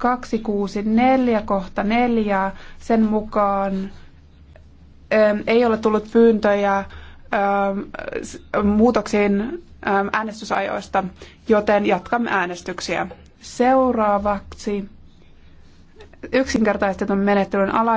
264 kohta 4 sen mukaan ähm, ei ole tullut pyyntöjä ähm, muutoksiin ähm, äänestysajoista, joten jatkamme äänestyksiä. Seuraavaksi yksinkertaistetun menettelyn ala